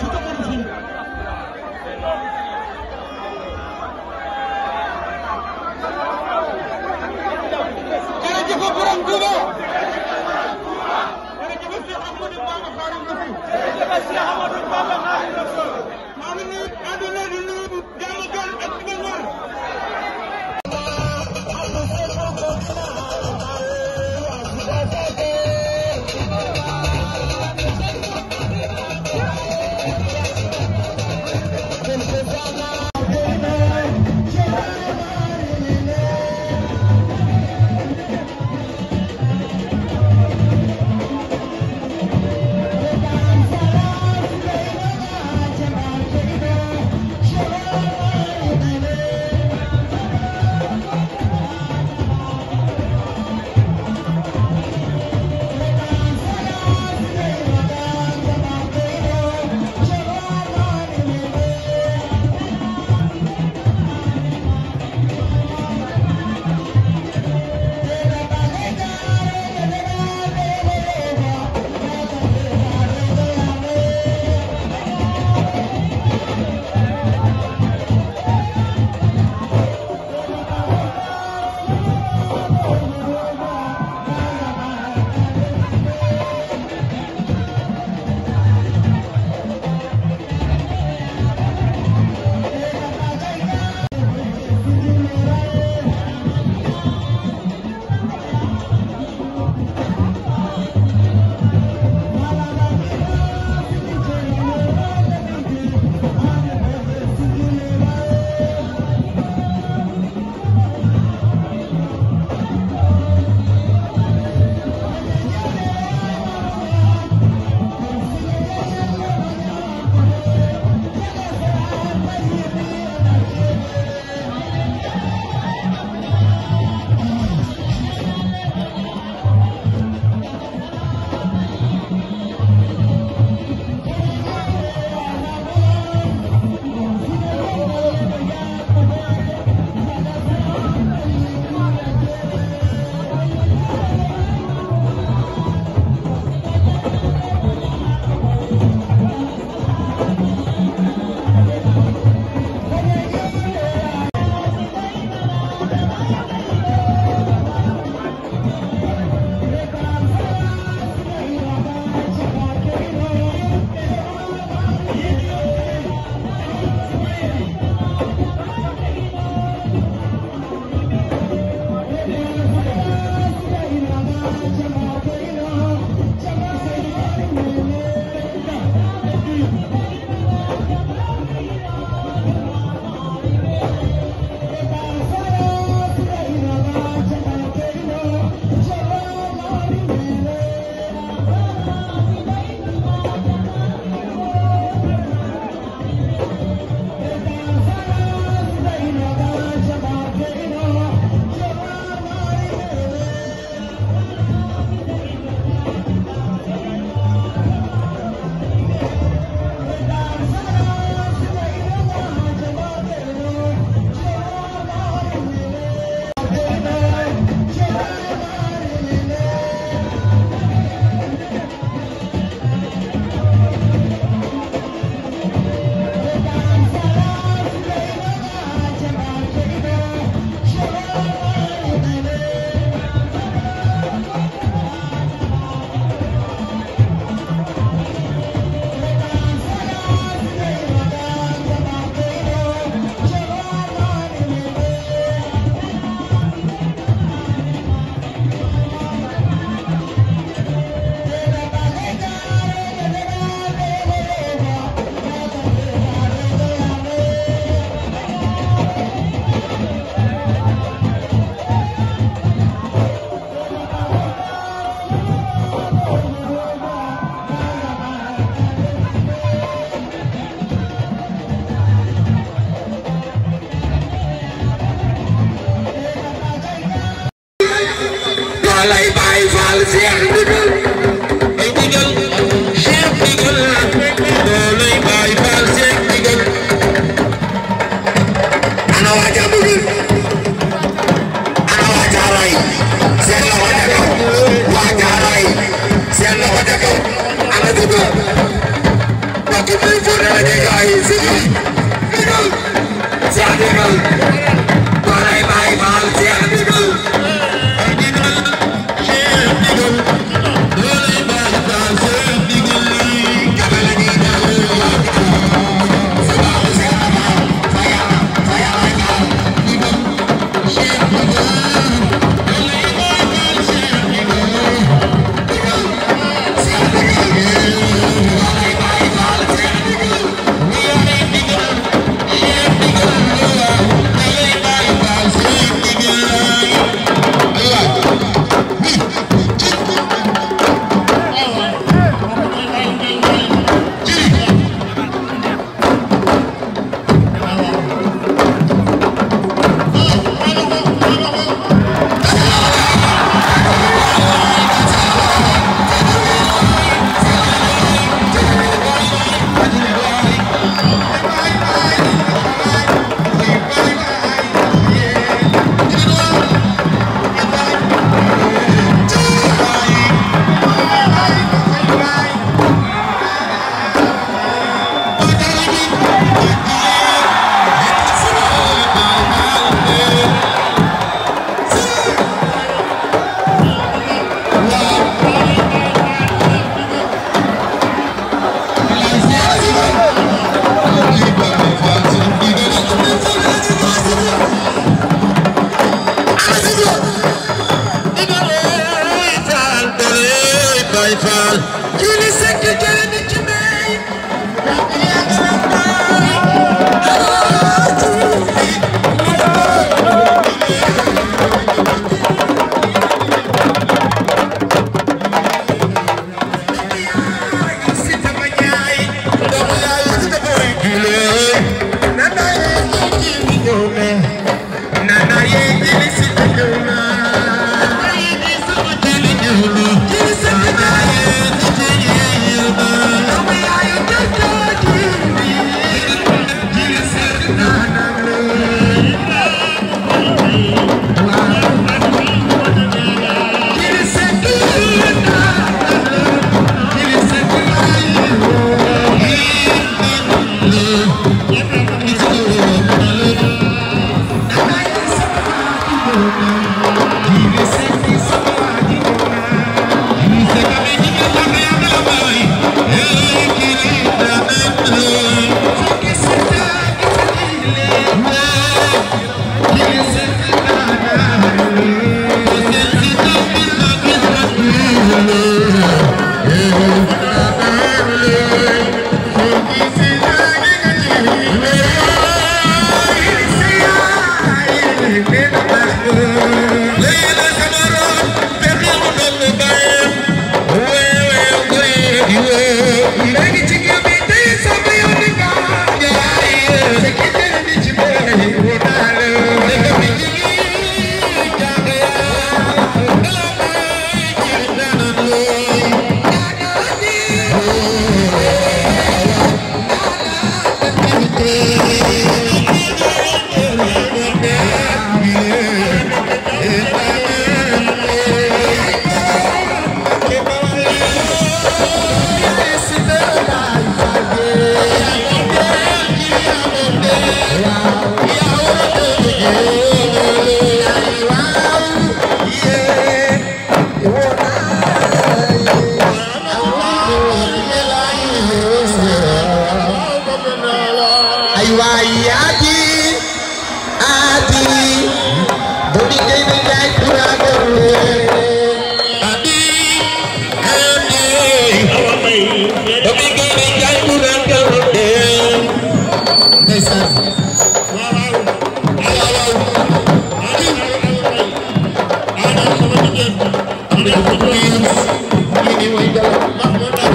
ছোট করছেন بس يا حمد البابا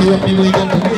yo y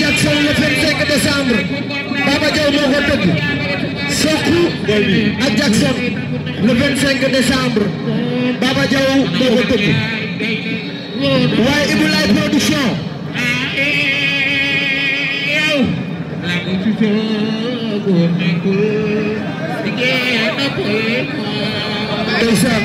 Jackson le 25 décembre Baba Diaw moo ko tëgg Sokku Jackson le 25 décembre Baba Diaw moo ko tëgg waaye Ibou La production ndeysaan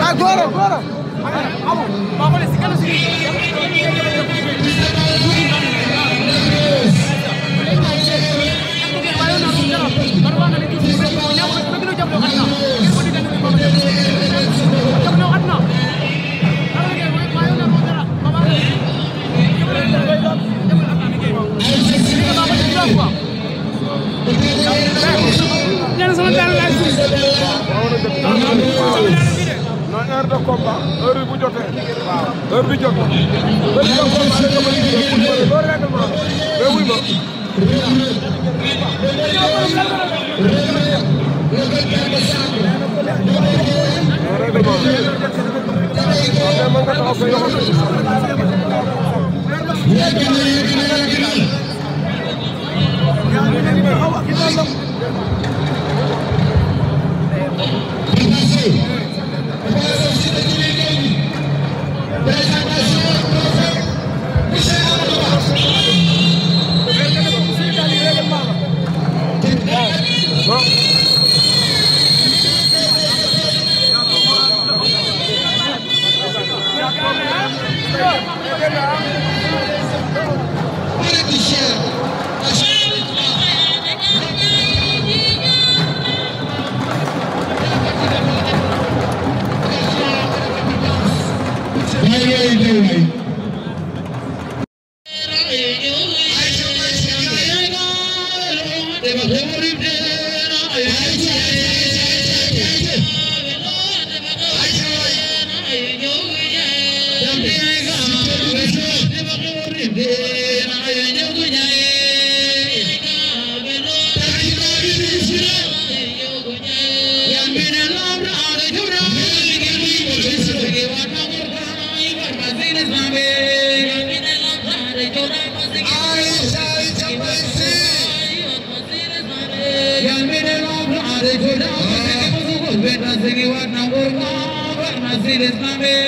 ah góor a góor a Her Brasil, Islamist.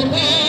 por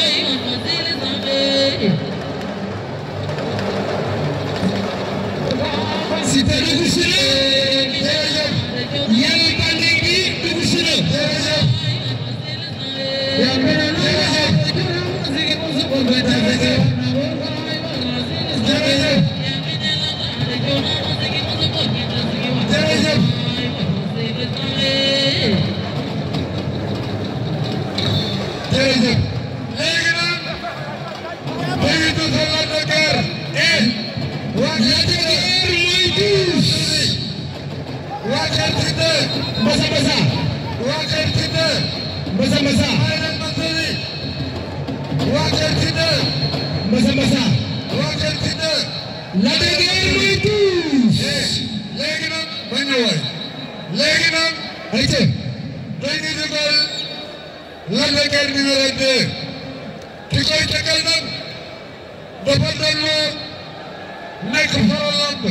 nekk faral lamb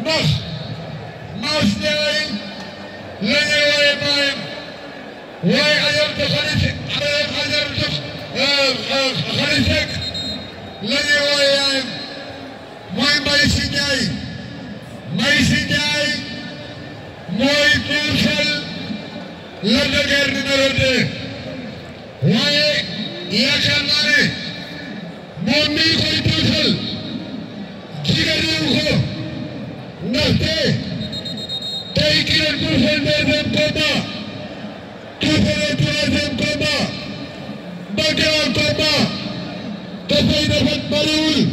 ndax naas ñëwee la ñuy woowee bàyyam waaye ajaratu xarit ajaratu xarit Seck la ñuy woowee yaayam mooy Mbaye si Ndiaye Mbaye si Ndiaye mooy Marcel Lac de Guiers numéro 2 waaye yaakaar naa ne moom mii koy tuusal política dibujo. Norte, Teikir Kurfel Merven Koma, Kurfel Kurfel Koma, Bakar Koma, Kafayı Nefet Barul,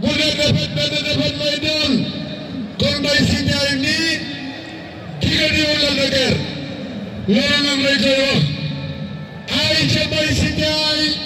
Burger Nefet Bede Nefet Maydal, Konday Sinyalini, Ayşe Bay Sinyalini,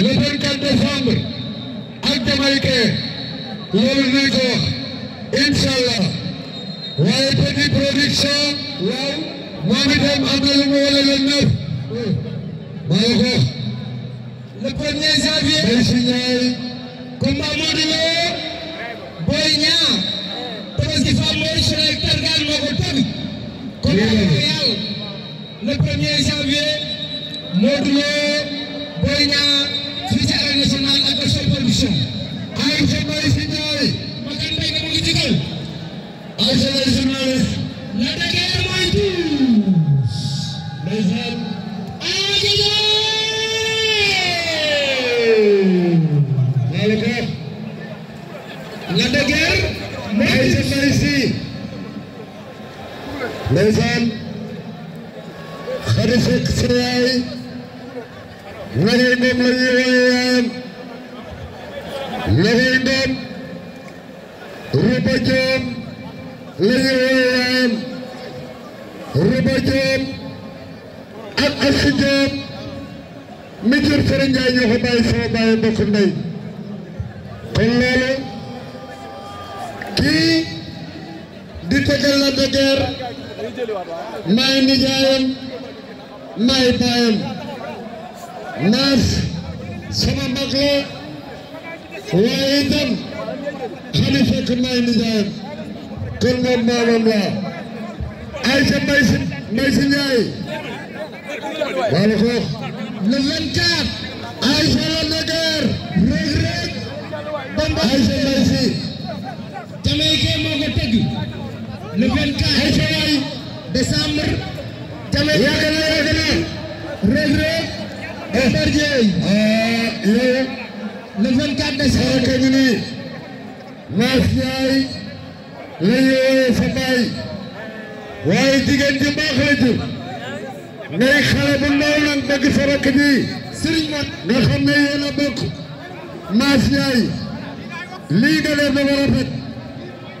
le 24 décembre ak Jamaïcain loolu nuy ko wax incha allah waaye Petit Production waaw moom itam am na lu mu wala le 9 maa ngi ko le premier janvier day signal combat Modou Lo Boy Niang parce que femme mooy Sourel Targal moo ko tëgg combat royal le premier janvier Modou Lo Ndeye Sy Ndiaye. wala foofu. le 24. Aïcha la Nogaire. Reug Reug. Bamba Aïcha Ndeye Sy. Jamaïcain moo ko tëgg. le 24 Aïcha waay décembre. Jamaïcain yàgg na yàgg na. Reug Reug. Eh. Mbër Dieye. Eh, le 24 décembre. Maas Ndiaye. la ñëwee sa baay. waaye jigéen ji ngay xale bu ndaw nag bëgg sa rakk ji xam ne yéen a maas yaay lii nga leen dafa rafet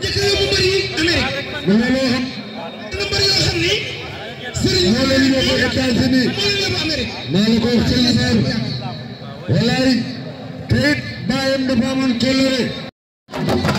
jëkkër bu bëri yi Amérique xam dana bëri xam ni sëriñ moo leen yóbbu États-Unis maa